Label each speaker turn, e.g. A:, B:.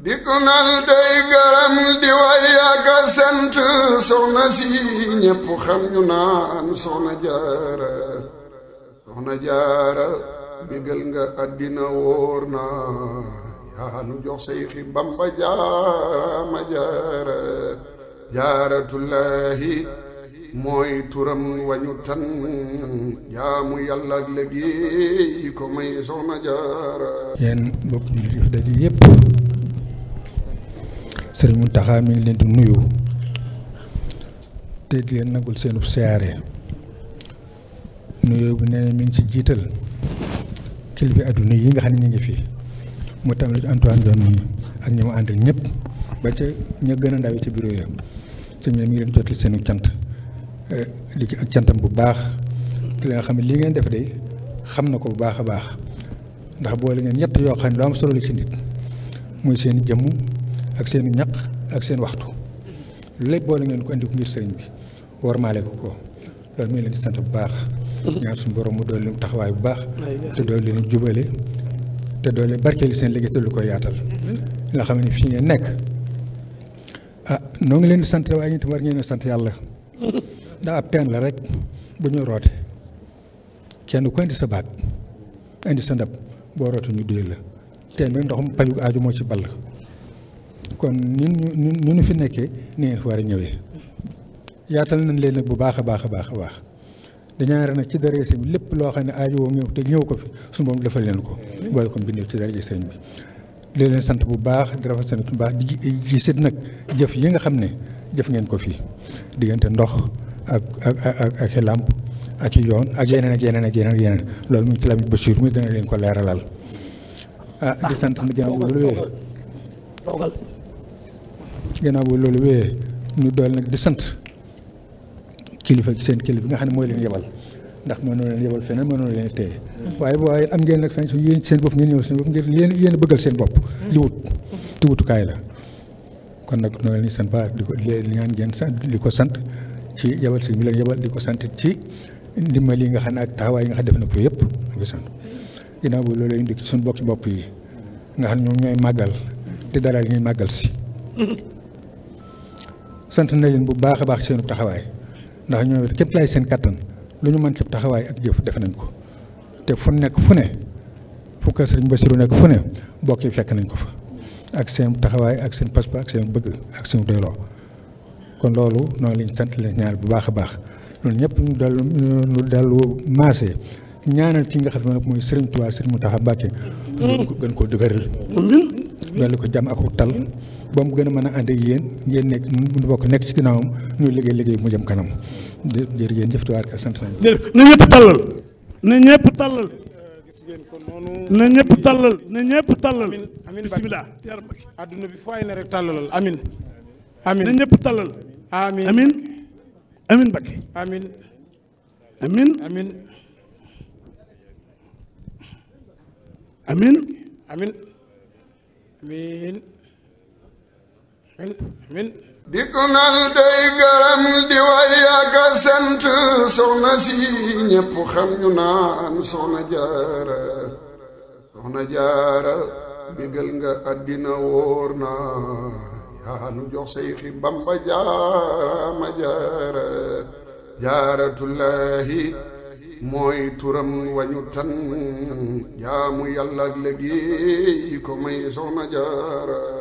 A: di gunal day garam di way ak sant soxna si ñépp xam ñu naan soxna jaara soxna jaara nga àddina wóor na yaa nu jox say xi bamba jaara ma jaara jaaratullaahi mooy turam wañu tan jaamu yàlla ak léegi ko may soxna jaara
B: yéen mbokk jullit yi daje yépp sëriñ Mountakha mi ngi leen di nuyu te di leen nangul seenub siyaare nuyoo bu nee na mi ngi ci jiital kilifa adduna yi nga xam ne ñu ngi fi mu tam la ci Antoine Diome ak ñi mu àndal ñëpp ba ca ña gën a ndaw ci bureau ya te mi ngi leen jotal seenu cant eh, di ak cantam bu baax di leen xam ne li ngeen def de xam na ko bu baax a baax ndax boole ngeen ñett yoo xam ne lu am solo ci nit muy seen jëm ak seen ñaq ak seen waxtu lépp boole ngeen ko indi ko ngir sëriñ bi warmaale ko ko loolu muy leen di sant bu baax. ñaan suñu borom mu dool taxawaay bu baax. te dool te doole barkeeli seen lu koy yaatal. nga xam ne fii ngeen nekk ah noo ngi leen di sant waaye itam war ngeen sant yàlla. ndax ab teen la rek bu ñu roote kenn ku indi sa baat indi sa ndab boo roote ñu duyal la teen bi ndoxum paju aaju moo ci ball. kon ñun ñu ñu ñu fi nekkee ni ngeen fi war a ñëwee yaatal nañ leen nag bu baax a baax a baax a baax dañaare nag ci dara si bi lépp loo xam ne aajo woo ñëw te ñëw ko fi su moom defal leen ko boole ko bindee ci dara sëñ bi di leen sant bu baax di rafet sant bu baax di ji sit nag jëf yi nga xam ne jëf ngeen ko fii diggante ndox ak ak ak ak i làmp ak i yoon ak yeneen yeneen ak yeneen ak loolu mu ci lamit ba leen ko leeralal ah di sant na ginnaaw loolu toogal gannaaw bu loolu wéyee ñu dool nag di sant kilifa seen kilifa nga xam ne mooy leen yabal ndax mënoo leen yebal feneen mënoo leen téye waaye waaye am ngeen nag sañ su yéen seen bopp ngeen ñëw seen bopp ngir yéen bëggal seen bopp li wut li wutukaay la kon nag noo leen di sant baax di ko li sant ko sant ci yebal si mi leen yebal di ko sant ci ndimbal yi nga xam ne ak taxawaay nga xam def na ko yëpp di sant ginnaaw bu loolu indi ci suñu bokki bopp yi nga xam ne ñoom ñooy màggal di dalal ñuy màggal si. sant na leen bu baax a baax seenu taxawaay ndax ñoom it képp laay seen kattan lu ñu mën taxawaay ak jëf def nañ ko te fu nekk fu ne fu kër sëriñ Basiru nekk fu ne bokk yi fekk nañ ko fa ak seen taxawaay ak seen pas-pas ak seen bëgg ak seen kon loolu noonu lañ sant leen ñaar bu baax a baax loolu ñëpp ñu dal ñu dellu maase ñaanal ki nga xam ne mooy sëriñ Tuubaa sëriñ Muntaxa Mbàkke. ñu gën koo dolli ko jàmm ak tal ba gën a mën a ànd ak ngeen nekk mu bokk nekk ci ginnaawam ñu liggéey liggéey mu jëm kanam jërë ngeen jëf tubaar ka sant nañu na ñëpp tàllal
A: na ñëpp tàllal
B: na bi fooy na rek tàllalal amin amin na tàllal amin amin amin amin amin min min min nal day garam di way
A: ak sant si ñépp xam ñu naan soxna jaara soxna jaara nga àddina wóor na yaa nu jox seyxi bamba jaara ma jaara jaaratullahi mooy turam wañu tan jaamu yàlla ak liggéey ko may soxna jaara